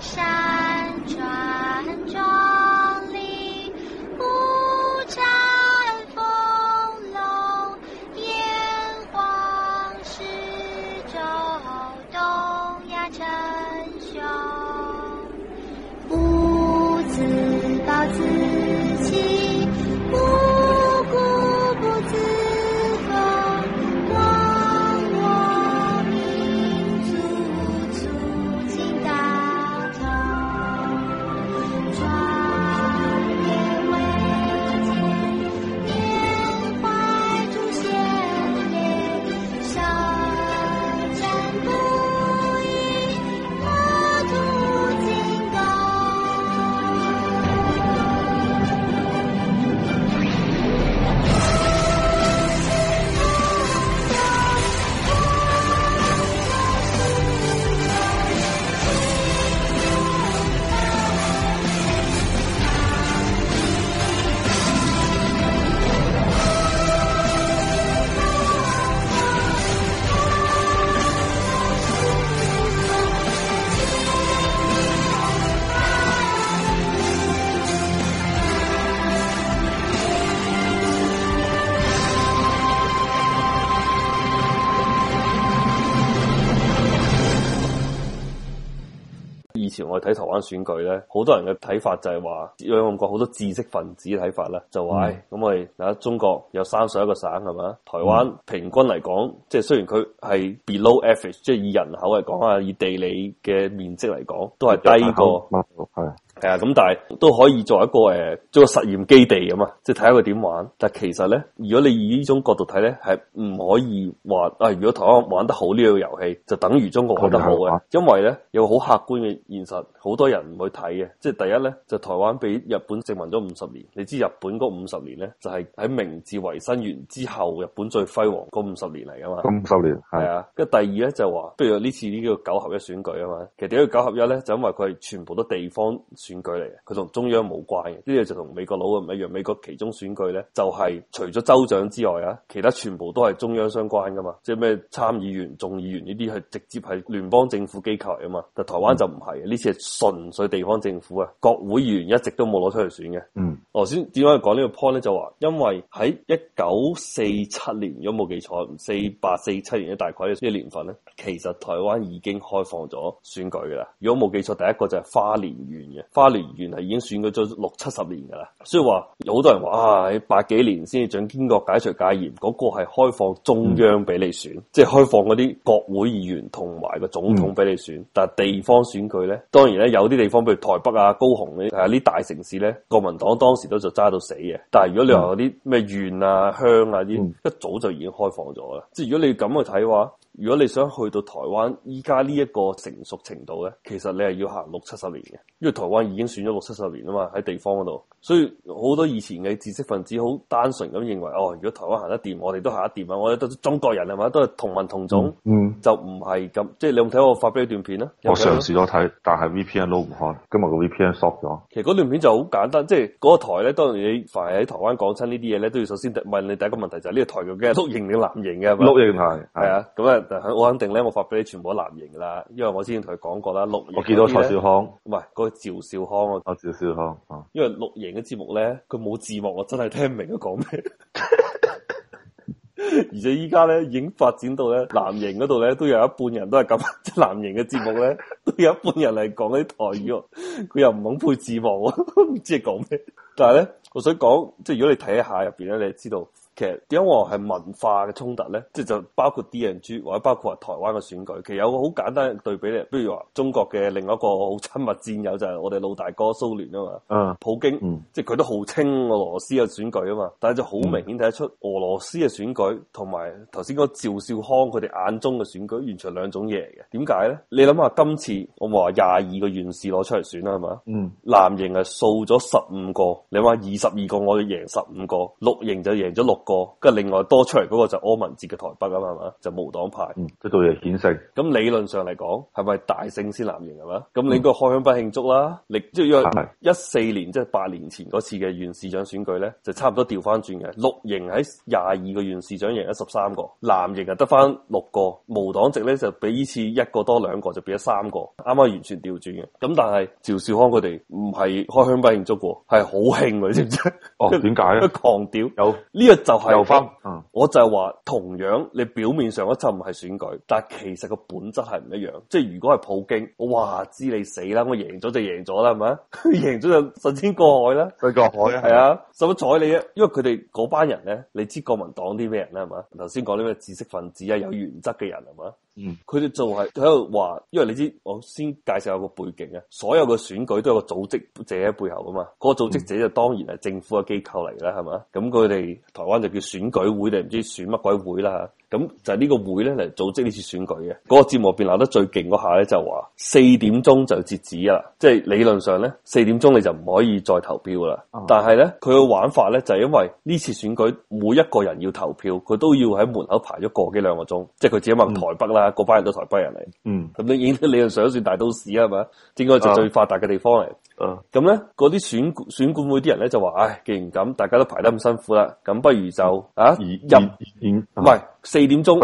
沙。喺台灣選舉咧，好多人嘅睇法就係話，因為我覺得好多知識分子嘅睇法咧，就話咁、嗯哎、我哋嗱，中國有三十一個省係嘛，台灣平均嚟講，嗯、即係雖然佢係 below average，即係以人口嚟講啊，以地理嘅面積嚟講，都係低過。係啊，咁但係都可以做一個誒，做個實驗基地咁嘛，即係睇下佢點玩。但係其實咧，如果你以呢種角度睇咧，係唔可以話啊。如果台灣玩得好呢個遊戲，就等於中國玩得好嘅。因為咧，有好客觀嘅現實，好多人唔去睇嘅。即係第一咧，就台灣俾日本殖民咗五十年。你知日本嗰五十年咧，就係喺明治維新完之後，日本最輝煌嗰五十年嚟噶嘛。五十年係啊。跟住第二咧就話，譬如呢次呢個九合一選舉啊嘛，其實點解九合一咧，就因為佢係全部都地方。選舉嚟嘅，佢同中央冇關嘅。呢啲就同美國佬唔一樣。美國其中選舉咧，就係、是、除咗州長之外啊，其他全部都係中央相關噶嘛。即係咩參議員、眾議員呢啲係直接係聯邦政府機構嚟啊嘛。但台灣就唔係。呢次係純粹地方政府啊。國會議員一直都冇攞出去選嘅。嗯，我、哦、先點解講呢個 point 咧？就話因為喺一九四七年，如果冇記錯，四八四七年一大概呢一年份咧，其實台灣已經開放咗選舉噶啦。如果冇記錯，第一個就係花蓮縣嘅。花蓮縣係已經選咗咗六七十年㗎啦，所以話有好多人話啊，八幾年先至蔣經國解除戒嚴，嗰、嗰個係開放中央俾你選，嗯、即係開放嗰啲國會議員同埋個總統俾你選，嗯、但係地方選舉咧，當然咧有啲地方譬如台北啊、高雄呢、啊，係啲大城市咧，國民黨當時都就揸到死嘅，但係如果你話嗰啲咩縣啊、鄉啊啲，一早就已經開放咗啦，即係如果你咁去睇嘅話。如果你想去到台灣依家呢一個成熟程度咧，其實你係要行六七十年嘅，因為台灣已經選咗六七十年啊嘛喺地方嗰度，所以好多以前嘅知識分子好單純咁認為哦，如果台灣行得掂，我哋都行得掂啊！我哋都中國人係嘛，都係同民同種，嗯，就唔係咁，即係你有冇睇我發俾你段片咧？我嘗試咗睇，但係 VPN 撈唔開，今日個 VPN 鎖咗。其實嗰段片就好簡單，即係嗰個台咧，當然你凡係喺台灣講親呢啲嘢咧，都要首先問你第一個問題就係、是、呢個台嘅幾係綠營定藍營嘅？綠營係啊，咁啊～我肯定咧，我發俾你全部都係藍營啦，因為我之前同佢講過啦，綠營。我見到蔡少康，唔係個趙少康啊。趙趙少康，啊，因為綠營嘅節目咧，佢冇字幕，我真係聽唔明佢講咩。 而且依家咧，已經發展到咧，藍營嗰度咧，都有一半人都係咁，即係藍營嘅節目咧，都有一半人嚟講啲台語，佢又唔肯配字幕啊，唔知係講咩。但係咧，我想講，即係如果你睇一下入邊咧，你就知道。其實點解我係文化嘅衝突咧？即係就包括 D.N.G 或者包括話台灣嘅選舉。其實有個好簡單嘅對比咧，譬如話中國嘅另一個好親密戰友就係我哋老大哥蘇聯啊嘛。嗯，uh, 普京，mm. 即係佢都號稱俄羅斯嘅選舉啊嘛。但係就好明顯睇得出，俄羅斯嘅選舉同埋頭先個趙少康佢哋眼中嘅選舉完全兩種嘢嚟嘅。點解咧？你諗下今次我話廿二個院士攞出嚟選啦，係嘛？嗯，藍營係掃咗十五個，你話二十二個我哋贏十五個，綠營就贏咗六個，跟另外多出嚟嗰個就柯文哲嘅台北啊嘛，就是、無黨派，嗯，即係倒顯。咁理論上嚟講，係咪大勝先藍營嘛？咁你應該開香檳慶祝啦，你、嗯、即係一四年，即係八年前嗰次嘅縣市長選舉咧，就差唔多調返轉嘅。六營喺廿二個縣市長贏咗十三個，藍營啊得返六個，無黨籍咧就比依次一個多兩個，就變咗三個，啱啱完全調轉嘅。咁但係趙少康佢哋唔係開香檳慶祝，係好興喎，你知唔知？哦，點解咧？狂屌有呢個就。又翻，我，嗯、我就係話，同樣你表面上嗰層唔係選舉，但係其實個本質係唔一樣。即係如果係普京，我話知你死啦，我贏咗就贏咗啦，係咪？佢贏咗就神仙過海啦，過海係啊，使乜睬你啊？因為佢哋嗰班人咧，你知國民黨啲咩人啦，係嘛？頭先講啲咩知識分子啊，有原則嘅人係嘛？嗯，佢哋就係喺度話，因為你知我先介紹有個背景啊。所有嘅選舉都有個組織者喺背後噶嘛，個、嗰個組織者就當然係政府嘅機構嚟啦，係嘛？咁佢哋台灣。叫選舉會，定唔知選乜鬼會啦。咁就係呢個會咧嚟組織呢次選舉嘅。嗰、那個節目變鬧得最勁嗰下咧，就話四點鐘就截止啦，即係理論上咧，四點鐘你就唔可以再投票啦。嗯、但係咧，佢嘅玩法咧就是、因為呢次選舉每一個人要投票，佢都要喺門口排咗個幾兩個鐘。即係佢自己問台北啦，嗰、嗯、班人都台北人嚟。嗯，咁你已經理論上都算大都市係嘛？應該就最發達嘅地方嚟。啊、嗯，咁咧嗰啲選選管會啲人咧就話：，唉、哎，既然咁，大家都排得咁辛苦啦，咁不如就啊以入唔四點鐘，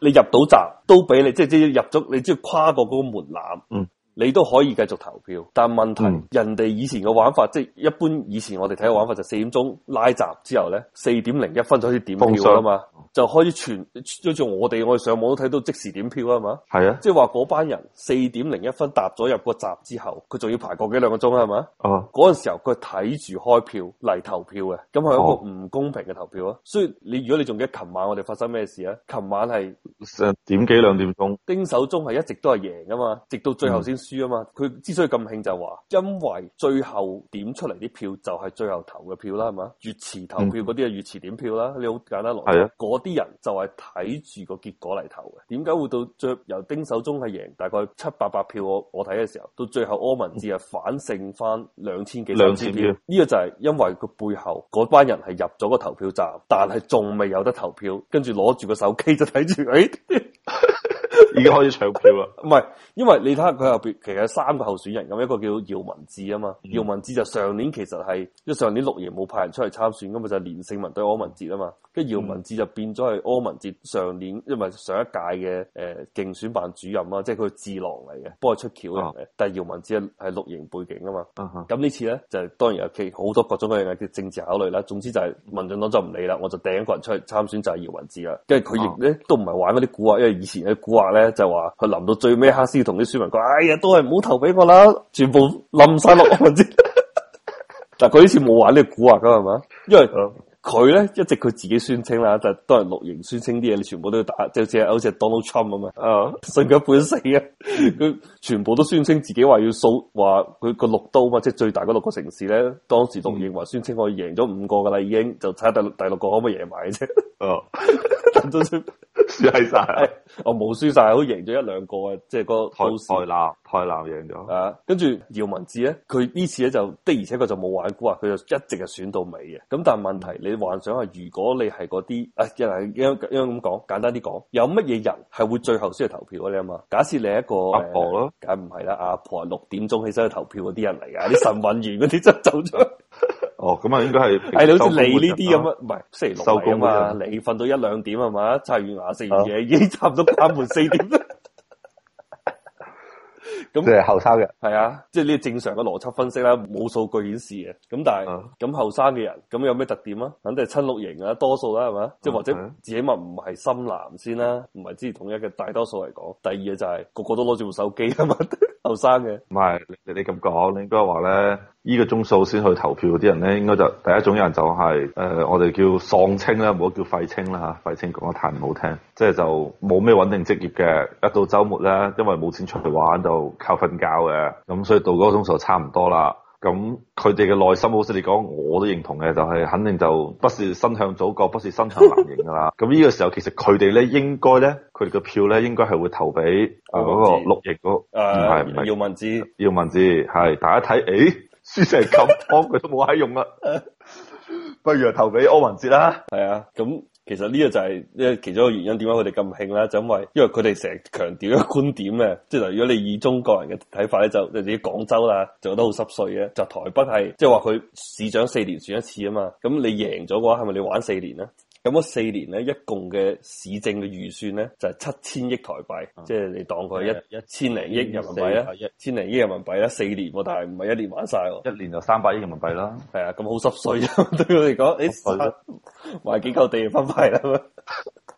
你入到閘都俾你，即係即係入咗，你只要跨過嗰個門檻，嗯。你都可以繼續投票，但問題、嗯、人哋以前嘅玩法，即、就、係、是、一般以前我哋睇嘅玩法就四點鐘拉閘之後咧，四點零一分就可以點票啦嘛，修就可以全即似我哋我哋上網都睇到即時點票啊嘛，係啊，即係話嗰班人四點零一分搭咗入個閘之後，佢仲要排過幾兩個鐘啊嘛，嗰陣、哦、時候佢睇住開票嚟投票嘅，咁係一個唔公平嘅投票啊，哦、所以你如果你仲記得琴晚我哋發生咩事啊？琴晚係十點幾兩點鐘，丁守中係一直都係贏噶嘛，直到最後先、嗯。輸啊嘛，佢之所以咁興就話，因為最後點出嚟啲票就係最後投嘅票啦，係嘛？越遲投票嗰啲啊，越遲點票啦。嗯、你好簡單來，嗰啲人就係睇住個結果嚟投嘅。點解會到最後由丁守中係贏？大概七八百票我我睇嘅時候，到最後柯文哲係反勝翻兩千幾兩千票。呢票個就係因為個背後嗰班人係入咗個投票站，但係仲未有得投票，跟住攞住個手機就睇住。哎 已經開始搶票啊！唔係， 因為你睇下佢後邊其實三個候選人咁，一個叫姚文智啊嘛。嗯、姚文智就上年其實係，因為上年綠營冇派人出去參選噶嘛，就係、是、連勝文對柯文哲啊嘛。跟住、嗯、姚文智就變咗係柯文哲上年，因為上一屆嘅誒、呃、競選辦主任啊，即係佢智囊嚟嘅，幫佢出橋嘅。哦、但係姚文智係綠營背景啊嘛。咁、嗯、哼呢次咧就是、當然有其好多各種各樣嘅政治考慮啦。總之就係民進黨就唔理啦，我就掟一個人出去參選就係姚文智啦。跟住佢亦咧都唔係玩嗰啲古惑，因為以前啲古惑。咧就話佢臨到最尾，哈斯同啲選民講：哎呀，都係唔好投俾我啦，全部冧晒落去。 但佢呢次冇玩呢個古惑啊，咁係嘛？因為佢佢咧一直佢自己宣稱啦，就係多人綠營宣稱啲嘢，你全部都要打，就好似好似 Donald Trump 咁、哦、啊，信佢一輩死啊！佢全部都宣稱自己話要掃話佢個六都嘛，即係最大嗰六個城市咧。當時綠營話宣稱我贏咗五個噶啦，已經就睇下第第六個可唔可以贏埋嘅啫。哦，真真 輸我冇、哦、輸晒，好贏咗一兩個啊！即、就、係、是、個台台南台南贏咗啊，跟住姚文智咧，佢呢次咧就的而且確佢就冇玩過啊，佢就一直係選到尾嘅。咁但係問題你。你幻想下，如果你係嗰啲，誒、啊，人係樣樣咁講，簡單啲講，有乜嘢人係會最後先去投票、 哦哎、啊？你啊嘛，假設你係一個阿婆咯，梗唔係啦，阿婆六點鐘起身去投票嗰啲人嚟啊，啲晨運員嗰啲真係走咗。哦，咁啊，應該係係好似你呢啲咁啊，唔係星期六收工啊，你瞓到一兩點係嘛，刷完牙食完嘢，哦、已經差唔多關門四點啦。 咁係後生嘅，係那啊，即係呢啲正常嘅邏輯分析啦，冇數據顯示嘅，咁但係咁後生嘅人，咁有咩特點啊？肯定係親綠型啊，多數啦係嘛，嗯、即係或者自己咪唔係深藍先啦，唔係支持統一嘅大多數嚟講。第二啊就係、是、個個都攞住部手機啊嘛。 後生嘅，唔係你你咁講，你應該話咧，呢個鐘數先去投票啲人咧，應該就第一種人就係，誒，我哋叫喪青啦，唔好叫廢青啦吓，廢青講得太唔好聽，即係就冇咩穩定職業嘅，一到周末咧，因為冇錢出去玩就靠瞓覺嘅，咁所以到嗰個鐘數差唔多啦。咁佢哋嘅內心，好似你講，我都認同嘅，就係、是、肯定就不是心向祖國，不是心向藍營噶啦。咁呢 個時候，其實佢哋咧，應該咧，佢哋嘅票咧，應該係會投俾啊嗰個綠營，唔係，唔係姚文智，姚文智係，大家睇，誒、欸，輸成咁，幫佢 都冇喺用啦， 不如投俾柯文哲啦，係啊，咁。其實呢個就係一其中一個原因，點解佢哋咁興啦？就因為因為佢哋成日強調一個觀點嘅，即係如果你以中國人嘅睇法咧，就、就係自己廣州啦，做得好濕碎嘅，就台北係即係話佢市長四年選一次啊嘛，咁你贏咗嘅話，係咪你玩四年咧？咁嗰四年咧，一共嘅市政嘅預算咧，就係七千億台幣，嗯、即係你當佢一的一千零億人民幣啦，一千零億人民幣啦，四年、啊，但係唔係一年玩曬喎、啊，一年就三百億人民幣啦，係啊，咁好濕碎啊，對佢嚟講，你賣幾嚿地分派啦，係啊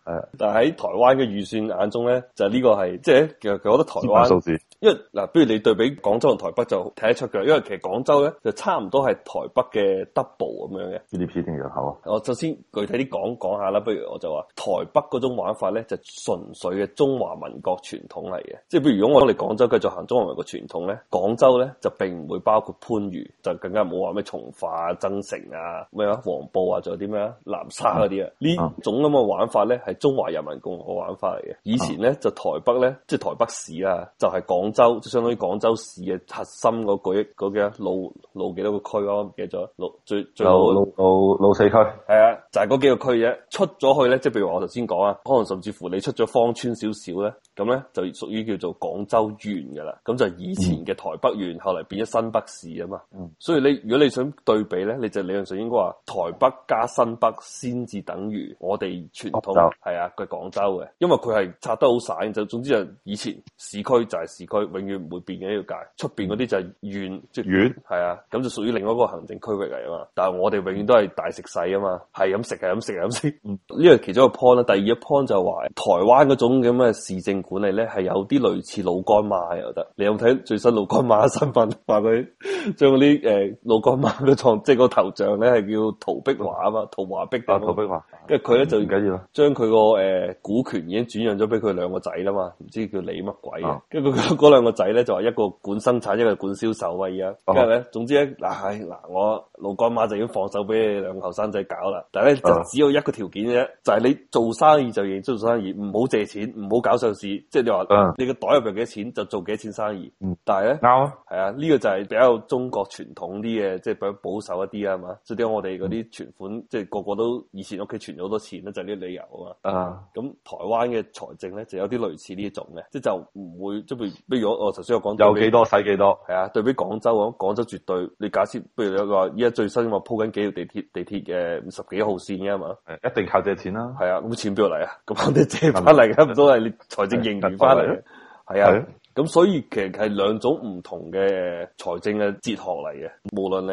的，但係喺台灣嘅預算眼中咧，就係、是、呢個係即係其實佢覺得台灣。因嗱，不、啊、如你對比廣州同台北就睇得出嘅，因為其實廣州咧就差唔多係台北嘅 double 咁樣嘅 GDP 定人口啊。我首先具體啲講講下啦，不如我就話台北嗰種玩法咧就純粹嘅中華民國傳統嚟嘅，即係譬如如果我哋廣州繼續行中華民國傳統咧，廣州咧就並唔會包括番禺，就更加唔好話咩從化增城啊、咩啊、啊、黃埔啊，仲有啲咩啊、南沙嗰啲啊。呢、啊、種咁嘅玩法咧係中華人民共和玩法嚟嘅。以前咧就台北咧，即、就、係、是、台北市啊，就係廣。州即係相當於廣州市嘅核心嗰、那個億嗰嘅老老幾個多個區啊？唔記得咗，老最最老老老四區係啊，就係、是、嗰幾個區啫。出咗去咧，即係譬如話我頭先講啊，可能甚至乎你出咗芳村少少咧。咁咧就屬於叫做廣州縣㗎啦，咁就以前嘅台北縣，嗯、後嚟變咗新北市啊嘛。嗯、所以你如果你想對比咧，你就理論上應該話台北加新北先至等於我哋傳統係啊，佢廣、嗯、州嘅，因為佢係拆得好散，就總之就以前市區就係市區，永遠唔會變嘅呢個界。出面嗰啲就係縣，即縣係啊，咁遠就屬於另外一個行政區域嚟啊嘛。但係我哋永遠都係大食細啊嘛，係咁食係咁食係咁食。呢、嗯、個其中一個 point 啦，第二個 point 就話台灣嗰種咁嘅市政。管理咧係有啲類似老幹媽，我覺得，你有冇睇最新老幹媽新聞？話佢將嗰啲老幹媽嘅創，即個頭像咧係叫陶碧華啊嘛，陶華碧。啊，陶碧跟住佢咧就緊要，將佢個誒股權已經轉讓咗俾佢兩個仔啦嘛，唔知叫李乜鬼啊？跟住佢嗰兩個仔咧就話一個管生產，一個管銷售啊。而家，跟住咧，總之咧嗱，係嗱我老乾媽就已經放手俾你兩個後生仔搞啦。但係咧就只有一個條件啫，啊、就係你做生意就認真做生意，唔好借錢，唔好搞上市。即係你話，啊、你個袋入邊幾多錢就做幾多錢生意。嗯、但係咧，啱啊，係啊，呢個就係比較中國傳統啲嘅，即、就、係、是、比較保守一啲啊嘛。即係點解我哋嗰啲存款，嗯、即係個個都以前屋企存。好多錢啦，就係呢啲理由啊。啊，咁台灣嘅財政咧就有啲類似呢種嘅，即係就唔會，即譬如，如我頭先我講有幾多使幾比多，係啊。對比廣州，廣州絕對你假設，譬如你個依家最新鋪緊幾條地鐵，地鐵嘅五十幾號線嘅嘛。一定靠借錢啦。咁啊，錢邊度嚟啊？咁哋借翻嚟嘅，唔都係你財政盈餘翻嚟？係啊。咁所以其實係兩種唔同嘅財政嘅哲學嚟嘅，無論誒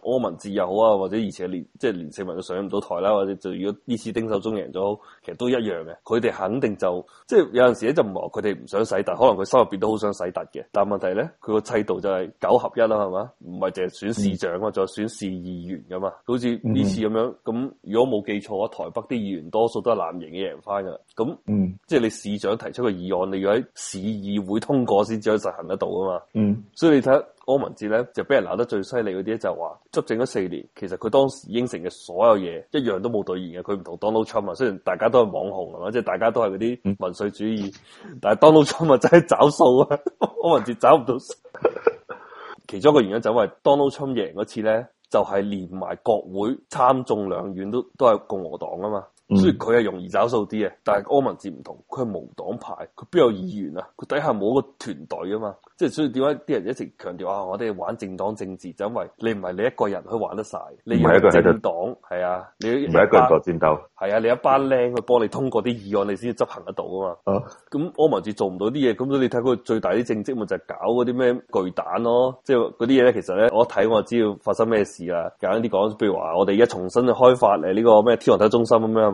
柯文哲又好啊，或者而且連即係連勝文都上唔到台啦，或者就如果呢次丁守中贏咗，其實都一樣嘅。佢哋肯定就即係、就是、有陣時咧就唔話佢哋唔想洗特，可能佢心入邊都好想洗特嘅。但問題咧，佢個制度就係九合一啦，係嘛？唔係淨係選市長啊，仲有、mm hmm. 選市議員㗎嘛？好似呢次咁樣，咁如果冇記錯啊，台北啲議員多數都係藍營嘅贏翻㗎。咁、mm hmm. 即係你市長提出個議案，你要喺市議會通。個先至可以實行得到啊嘛。嗯，所以你睇下柯文哲咧，就俾人鬧得最犀利嗰啲就話，執政咗四年，其實佢當時應承嘅所有嘢，一樣都冇兌現嘅。佢唔同 Donald Trump 啊，雖然大家都係網紅啊嘛，即係大家都係嗰啲民粹主義，嗯、但係 Donald Trump 啊，真係找數啊！柯文哲找唔到， 其中一個原因就係 Donald Trump 贏嗰次咧，就係、是、連埋國會參眾兩院都都係共和黨啊嘛。雖然佢係容易找數啲啊，但係柯文哲唔同，佢係無黨派，佢邊有議員啊？佢底下冇個團隊啊嘛，即係所以點解啲人一直強調哇、啊？我哋玩政黨政治，就是、因為你唔係你一個人去玩得晒。你係一個政黨，係啊，你唔係一個人喺度戰鬥，係啊，你一班僆去幫你通過啲議案，你先至執行得到啊嘛。咁、啊、柯文哲做唔到啲嘢，咁你睇佢最大啲政績咪就係搞嗰啲咩巨蛋咯，即係嗰啲嘢咧。其實咧，我一睇我就知道發生咩事啊。簡單啲講，譬如話我哋而家重新去開發嚟呢個咩天王體中心咁樣。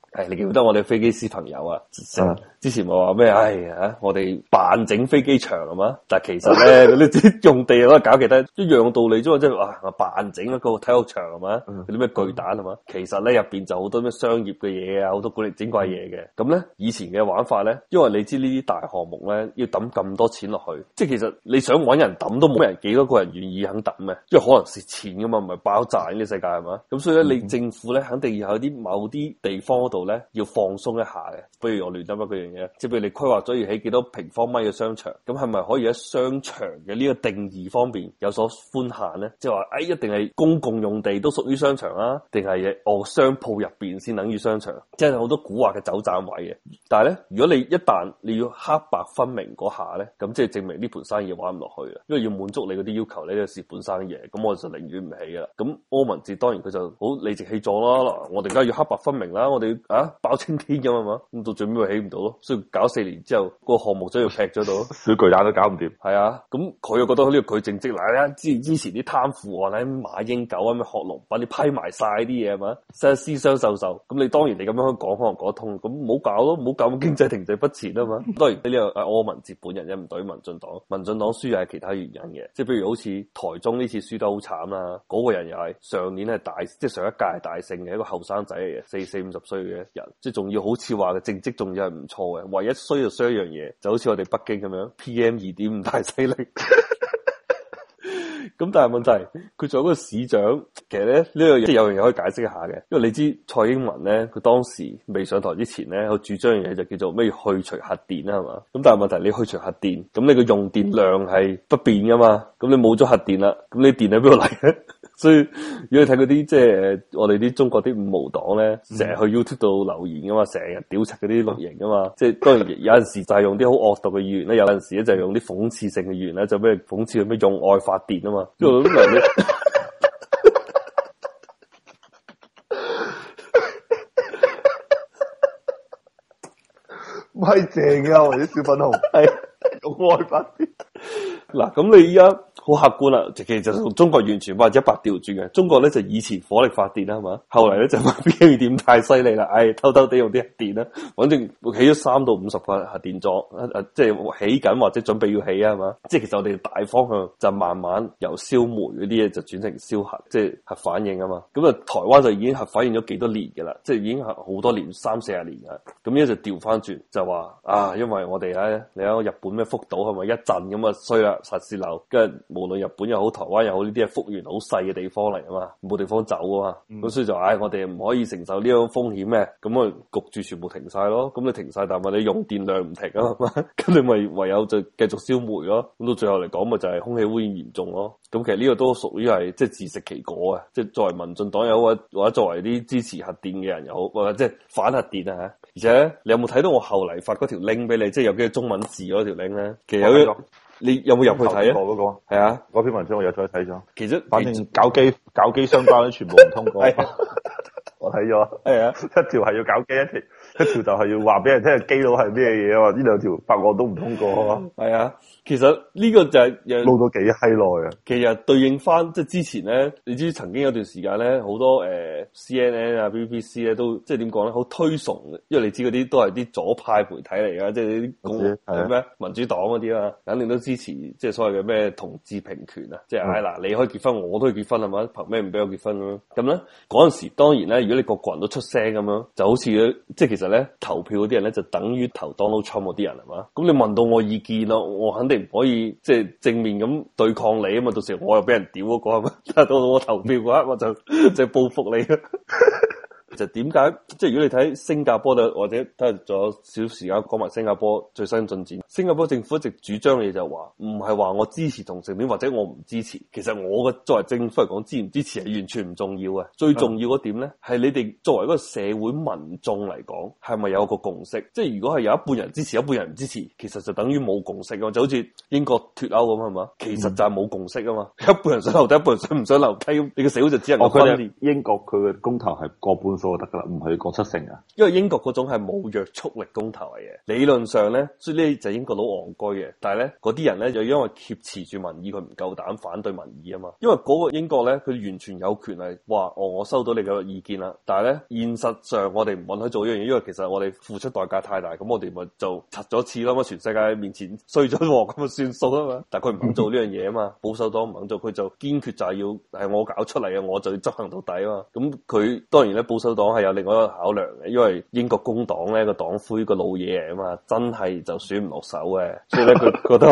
誒、哎，你記唔記得我哋飛機師朋友啊？啊之前咪話咩？唉、哎、吓，我哋扮整飛機場係、啊、嘛？但係其實咧， 你啲用地都搞其他一樣道理啫，即係話扮整一個體育場係、啊、嘛？嗰啲咩巨蛋係、啊、嘛？嗯嗯、其實咧，入邊就好多咩商業嘅嘢啊，好多管理整怪嘢嘅。咁咧、嗯、以前嘅玩法咧，因為你知呢啲大項目咧要抌咁多錢落去，即係其實你想搵人抌都冇人，幾多個人願意肯抌嘅，因為可能蝕錢噶嘛，唔係爆賺。呢個世界係嘛？咁所以咧，你政府咧肯定要有啲某啲地方度。咧要放鬆一下嘅，不如我亂得乜。嗰樣嘢，即係譬如你規劃咗要起幾多平方米嘅商場，咁係咪可以喺商場嘅呢個定義方面有所寬限咧？即係話，哎，一定係公共用地都屬於商場啊？定係我商鋪入邊先等於商場？即係好多古惑嘅走盞位嘅。但係咧，如果你一旦你要黑白分明嗰下咧，咁即係證明呢盤生意玩唔落去啦，因為要滿足你嗰啲要求咧，有蝕本生意，咁我就寧願唔起㗎啦。咁柯文哲當然佢就好理直氣壯啦，我哋而家要黑白分明啦，我哋。啊，包青天咁啊嘛，咁到最尾咪起唔到咯，所以搞四年之後，個項目真要劈咗到，小 巨蛋都搞唔掂。係啊，咁佢又覺得呢個佢政績嚟啊，之之前啲貪腐案，咩馬英九啊，咩郝龍，把、啊、你批埋晒啲嘢啊嘛，真係私相授受。咁你當然你咁樣講可能講通，咁唔好搞咯，唔好搞到經濟停滯不前啊嘛。 當然你又阿柯文哲本人又唔對民進黨，民進黨輸係其他原因嘅，即係譬如好似台中呢次輸得好慘啦，嗰、個人又係上年係大，即係上一屆係大勝嘅一個後生仔嚟嘅，四四五十歲嘅。人即係仲要好似話嘅政績仲要係唔錯嘅，唯一衰就衰一樣嘢，就好似我哋北京咁樣，PM 二點五太犀利。咁但係問題，佢做嗰個市長，其實咧呢樣嘢，這個，有樣嘢可以解釋下嘅，因為你知蔡英文咧，佢當時未上台之前咧，佢主張樣嘢就叫做咩去除核電啦，係嘛？咁但係問題，你去除核電，咁你個用電量係不變噶嘛？咁你冇咗核電啦，咁你電喺邊度嚟？所以如果睇嗰啲即係我哋啲中國啲五毛黨咧，成日去 YouTube 度留言噶嘛，成日屌柒嗰啲錄影噶嘛，即係當然有陣時就係用啲好惡毒嘅語言咧，有陣時咧就係用啲諷刺性嘅語言咧，就咩、是、諷刺佢咩用愛發電啊嘛，做咁樣嘅。唔係、嗯、 正啊！我啲小粉紅，係 的用愛發電。嗱 咁你依家？好客觀啦，其實就同中國完全者一百調轉嘅。中國咧就以前火力發電啦，係嘛，後嚟咧就發點太犀利啦，唉，偷偷地用啲電啦，反正起咗三到五十個核電座，即係起緊或者準備要起啊，係嘛。即係其實我哋大方向就慢慢由燒煤嗰啲嘢就轉成燒核，即係核反應啊嘛。咁啊，台灣就已經核反應咗幾多年噶啦，即係已經係好多年，三四十年㗎。咁呢就調翻轉就話啊，因為我哋咧，你睇日本咩福島係咪一陣咁啊衰啦，核洩漏跟住。無論日本又好台灣又好，呢啲係幅員好細嘅地方嚟，啊嘛，冇地方走啊嘛，咁、嗯、所以就唉、哎，我哋唔可以承受呢種風險咩？咁啊焗住全部停晒咯，咁你停晒，但係你用電量唔停啊嘛，咁 你咪唯有就繼續燒煤咯。咁到最後嚟講，咪就係、是、空氣污染嚴重咯。咁其實呢個都屬於係即係自食其果啊！即、就、係、是、作為民進黨友或者作為啲支持核電嘅人又好，或者即係反核電啊吓。而且呢你有冇睇到我後嚟發嗰條 link 俾你？即、就、係、是、有幾隻中文字嗰條 link 咧，其實有。你有冇入有去睇個、嗰個、啊？嗰個係啊，嗰篇文章我又再睇咗。其實反正搞基搞基相關都全部唔通過。 啊、我睇咗，係啊一是，一條係要搞基一條。 一條就係要話俾人聽基佬係咩嘢啊嘛？呢兩條法案都唔通過啊嘛？係 啊，其實呢個就係又錄到幾閪耐啊。其實對應翻即係之前咧，你知曾經有段時間咧，好多誒、呃、C N N 啊 B B C 咧、啊、都即係點講咧，好推崇，因為你知嗰啲都係啲左派媒體嚟噶，即係啲共咩、啊、民主黨嗰啲啊，肯定都支持即係所謂嘅咩同志平權啊，即係唉嗱，嗯、你可以結婚，我都可以結婚啊嘛，憑咩唔俾我結婚咁樣呢？咁咧嗰陣時當然咧，如果你個個人都出聲咁樣，就好似即係其其實咧，投票嗰啲人咧，就等於投 Donald Trump 嗰啲人係嘛？咁你問到我意見咯，我肯定唔可以即係、就是、正面咁對抗你啊嘛！到時我又俾人屌嗰個係嘛？ 但到我投票嗰刻，我就即係 報復復你。 就點解？即係如果你睇新加坡嘅，或者睇下仲有少時間講埋新加坡最新進展。新加坡政府一直主張嘅嘢就係話，唔係話我支持同性戀或者我唔支持。其實我嘅作為政府嚟講，支唔支持係完全唔重要嘅。最重要嗰點咧，係、嗯、你哋作為一個社會民眾嚟講，係咪有一個共識？即係如果係有一半人支持，一半人唔支持，其實就等於冇共識的。就好似英國脱歐咁係嘛，其實就係冇共識啊嘛、嗯。一半人想留低，一半人想唔想留低，你個社會就只係我覺得、哦、英國佢嘅公投係過半數。覺得㗎啦，唔去講七成啊，因為英國嗰種係冇約束力公投嚟嘅。理論上咧，所以呢就係英國佬憨居嘅。但係咧，嗰啲人咧就因為挾持住民意，佢唔夠膽反對民意啊嘛。因為嗰個英國咧，佢完全有權係話哦，我收到你嘅意見啦。但係咧，現實上我哋唔允許做呢樣嘢，因為其實我哋付出代價太大，咁我哋咪就拆咗次咯。咁全世界面前衰咗喎，咁啊算數啊嘛。但係佢唔肯做呢樣嘢啊嘛， 保守黨唔肯做，佢就堅決就係要係我搞出嚟啊，我就要執行到底啊嘛。咁佢當然咧保守。黨係有另外一個考量嘅，因為英國工黨咧個黨魁個老嘢啊嘛，真係就選唔落手嘅，所以咧佢覺得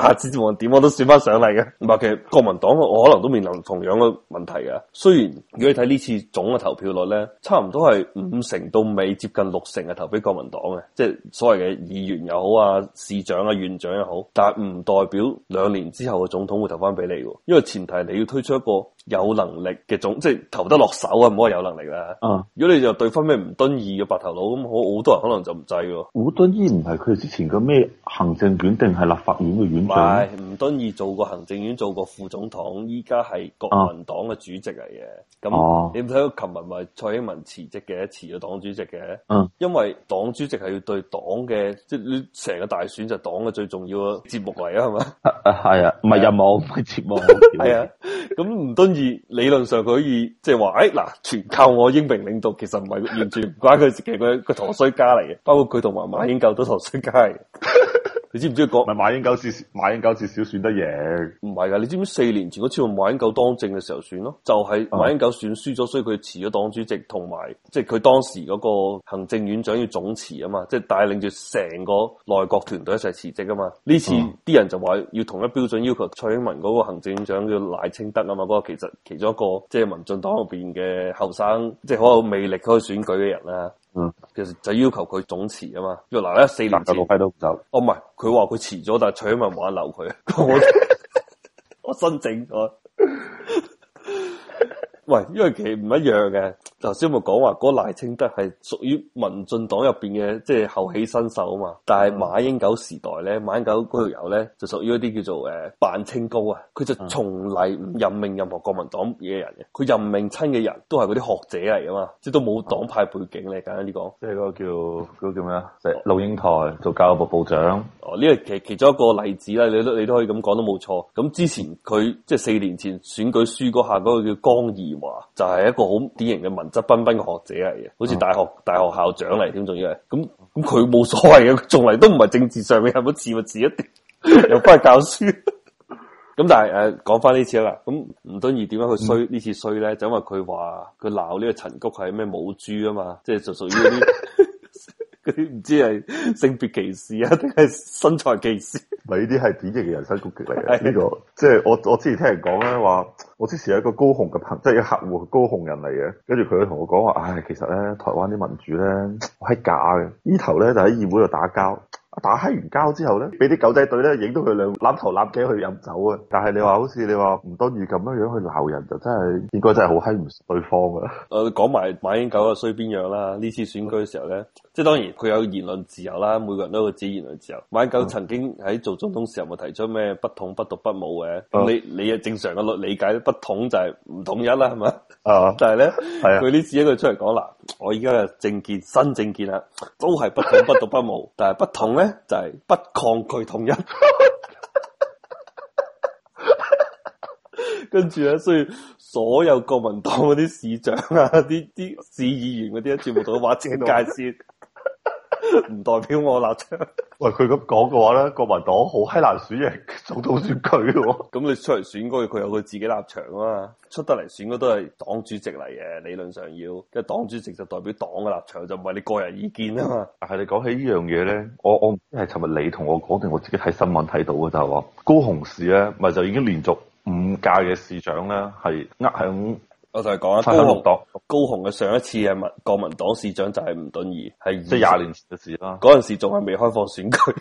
下次無論點我都選翻上嚟嘅。唔係，其實國民黨我可能都面臨同樣嘅問題㗎。雖然如果你睇呢次總嘅投票率咧，差唔多係五成到尾接近六成係投俾國民黨嘅，即係所謂嘅議員又好啊、市長啊、院長又好，但係唔代表兩年之後嘅總統會投翻俾你，因為前提你要推出一個。有能力嘅總，即係投得落手啊，唔好話有能力啦。啊、嗯，如果你就對分咩吳敦義嘅白頭佬，咁好，好多人可能就唔制嘅。吳敦義唔係佢之前個咩行政院定係立法院嘅院長？唔係，吳敦義做過行政院，做過副總統，依家係國民黨嘅主席嚟嘅。咁、嗯、你睇到琴日咪蔡英文辭職嘅，辭咗黨主席嘅。嗯，因為黨主席係要對黨嘅，即係你成個大選就黨嘅最重要嘅節目嚟 啊，係嘛？啊啊係啊，唔係任務，係節目。係 啊，咁吳敦。理論上佢可以即係話，誒、哎、嗱，全靠我英明領導，其實唔係完全唔怪佢自己佢個陀衰家嚟嘅，包括佢同媽媽已經夠多陀衰家嘅。 你知唔知講咪馬英九少馬英九少少選得贏？唔係噶，你知唔知四年前嗰次馬英九當政嘅時候選咯？就係馬英九選輸咗，所以佢辭咗黨主席，同埋即係佢當時嗰個行政院長要總辭啊嘛，即係帶領住成個內閣團隊一齊辭職啊嘛。呢次啲人就話要同一標準要求蔡英文嗰個行政院長要賴清德啊嘛，嗰個其實其中一個即係民進黨入邊嘅後生，即係好有魅力可以選舉嘅人啦。嗯。其實就要求佢總辭啊嘛，若嗱一四年就落批，哦，唔係，佢話佢辭咗，但係蔡英文挽留佢， 我申正嘅。喂，因為其實唔一樣嘅，頭先我講話嗰賴清德係屬於民進黨入邊嘅，即係後起新手啊嘛，但係馬英九時代咧，馬英九嗰條友咧就屬於一啲叫做誒扮清高啊，佢就從嚟唔任命任何國民黨嘅人嘅，佢任命親嘅人都係嗰啲學者嚟噶嘛，即係都冇黨派背景咧，簡單啲講，即係個叫嗰個叫咩啊，即係龍應台做教育部部長，哦呢、這個其其中一個例子啦，你都你都可以咁講都冇錯，咁之前佢即係四年前選舉輸嗰下嗰、那個叫江宜。就係、是、一個好典型嘅文質彬彬嘅學者嚟嘅，好似大學大學校長嚟添，仲要係咁咁佢冇所謂嘅，從嚟都唔係政治上面，係冇字物字一啲，又翻去教書。咁 但係誒，講翻呢次啦，咁吳敦義點樣去衰呢次衰咧？就因為佢話佢鬧呢個陳菊係咩母豬啊嘛，即係就屬於嗰啲。 嗰唔知係性別歧視啊，定係身材歧視？咪呢啲係典型嘅人身攻擊嚟嘅。呢是的、呢個，即係我我之前聽人講咧，話我之前有一個高雄嘅朋，即係個客戶高雄人嚟嘅，他跟住佢同我講話，唉，其實咧台灣啲民主咧係假嘅，這頭呢頭咧就喺議會度打交。打閪完交之後咧，俾啲狗仔隊咧影到佢兩攬頭攬頸去飲酒啊！但係你話、嗯、好似你話唔當住咁樣樣去鬧人，就真係應該真係好閪唔對方啊！誒、嗯，講埋馬英九啊衰邊樣啦？呢次選舉嘅時候咧，即、就、係、是、當然佢有言論自由啦，每個人都有自己言論自由。馬英九曾經喺做總統時候，咪提出咩不統不獨不武嘅，嗯？你你嘅正常嘅理解，不統就係唔統一啦，係咪？啊、嗯！但係咧，啊、嗯，佢呢次一個出嚟講啦。我而家嘅政見新政見啊，都係不統不獨不武。但係不同咧就係、是、不抗拒統一。 跟住咧，所以所有國民黨嗰啲市長啊、啲啲市議員嗰啲，全部同我話介忌。唔 代表我立場。 喂，佢咁講嘅話咧，國民黨好閪難選贏做到當選喎。咁你出嚟選嗰個，佢有佢自己立場啊嘛。出得嚟選嘅都係黨主席嚟嘅，理論上要，即係黨主席就代表黨嘅立場，就唔係你個人意見啊嘛。但係你講起呢樣嘢咧，我我係尋日你同我講定，我自己喺新聞睇到嘅就係話高雄市咧，咪就已經連續五屆嘅市長咧係呃響。我就係講啊，高雄嘅是上一次嘅民國民黨市長就係吳敦義，係即係廿年前嘅事啦。嗰陣時仲係未開放選舉，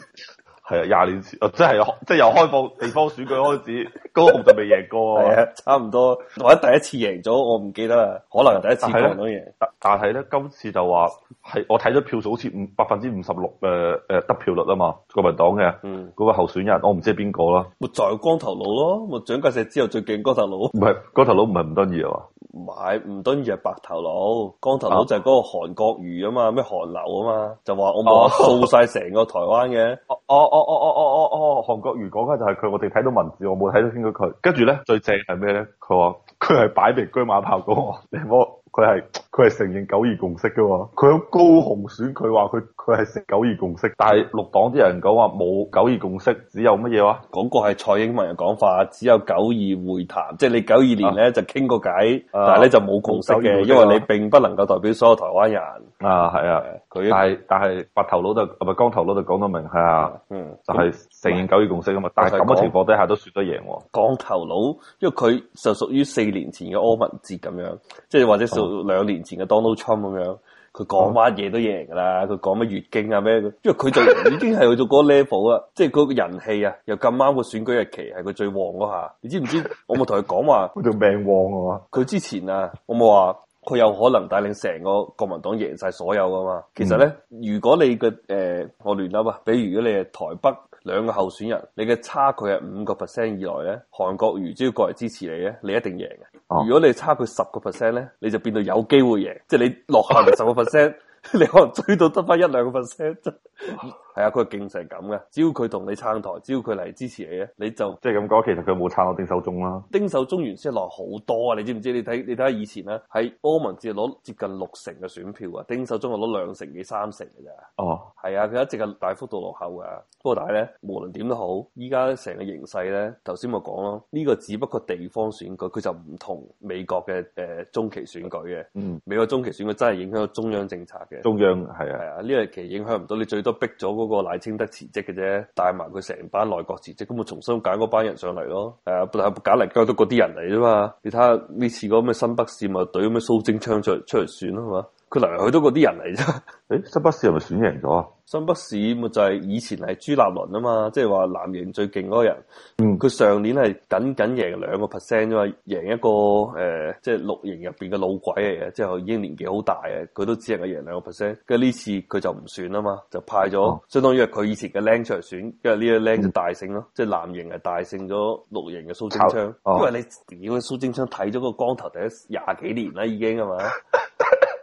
係 啊廿年前，哦、啊、真係即係由開放地方選舉開始， 高雄就未贏過是、啊、差唔多或者第一次贏咗，我唔記得啦，可能第一次國民黨贏。但但係咧今次就話係我睇咗票數，好似五百分之五十六誒誒得票率啊嘛，國民黨嘅，嗰、嗯、個候選人我唔知係邊個啦。咪就係光頭佬咯，咪、就、蔣、是、介石之後最勁光頭佬。唔係光頭佬，唔係吳敦義啊嘛。唔係吳敦義係白頭佬，光頭佬就係嗰個韓國瑜啊嘛，咩韓、啊、流啊嘛，就話我冇掃曬成個台灣嘅。哦哦哦哦哦哦哦，韓國瑜講緊就係佢，我哋睇到文字，我冇睇到清楚佢。跟住咧，最正係咩咧？佢話佢係擺明車馬炮講我，你我佢係。佢係承認九二共識嘅喎，佢喺高雄選，佢話佢佢係食九二共識，但係六黨啲人講話冇九二共識，只有乜嘢話？嗰個係蔡英文嘅講法，只有九二會談，即係你九二年咧就傾過偈，但係咧就冇共識嘅，因為你並不能夠代表所有台灣人。啊，係啊，佢但係但係白頭佬就唔係光頭佬就講到明係啊，嗯，就係承認九二共識啊嘛，但係咁嘅情況底下都説得贏喎。光頭佬，因為佢就屬於四年前嘅柯文哲咁樣，即係或者做兩年。前嘅 Donald Trump 咁樣，佢講乜嘢都贏噶啦。佢講乜月經啊咩？因為佢就已經係去到嗰 level 啦， 即係嗰個人氣啊。又咁啱個選舉日期係佢最旺嗰下，你知唔知我？ 我冇同佢講話，佢條命旺啊嘛。佢之前啊，我冇話佢有可能帶領成個國民黨贏晒所有噶嘛。其實咧，嗯、如果你嘅誒、呃，我亂諗啊，比如如果你係台北兩個候選人，你嘅差距係五個 percent 以內咧，韓國瑜只要過嚟支持你咧，你一定贏嘅。如果你差佢十個 percent 咧，你就變到有機會贏，即係你落後十個 percent，你可能追到得翻一兩個 percent 啫。 係啊，佢係勁成咁嘅。只要佢同你撐台，只要佢嚟支持你咧，你就即係咁講。其實佢冇撐我丁守中啦。丁守中原先落好多啊！你知唔知？你睇你睇下以前咧、啊，喺歐盟只攞接近六成嘅選票啊，丁守中係攞兩成幾三成嘅啫。哦，係啊，佢一直係大幅度落後嘅。不過但係咧，無論點都好，依家成個形勢咧，頭先咪講咯，呢、這個只不過地方選舉，佢就唔同美國嘅誒、呃、中期選舉嘅。嗯，美國中期選舉真係影響到中央政策嘅。中央係啊，係啊，呢個其實影響唔到，你最多逼咗個賴清德辭職嘅啫，帶埋佢成班內閣辭職，咁咪重新揀嗰班人上嚟咯。係啊，但係揀嚟都到嗰啲人嚟啫嘛。你睇下呢次嗰咩新北市咪，隊咁樣蘇貞昌出出嚟選啦嘛。佢嚟嚟去都嗰啲人嚟啫。誒、欸，新北市係咪選贏咗啊？新北市咪就係、是、以前係朱立倫啊嘛，即係話藍營最勁嗰個人。嗯，佢上年係僅僅贏兩個 percent 啫嘛，贏一個誒，即、呃、係、就是、綠營入邊嘅老鬼嚟嘅，之後已經年紀好大啊。佢都只係個贏兩個 percent，跟住呢次佢就唔選啊嘛，就派咗，哦、相當於佢以前嘅僆出嚟選，跟住呢個僆就大勝咯，即係藍營係大勝咗綠營嘅蘇貞昌。因為你如果蘇貞昌睇咗個光頭，第一廿幾年啦，已經啊嘛？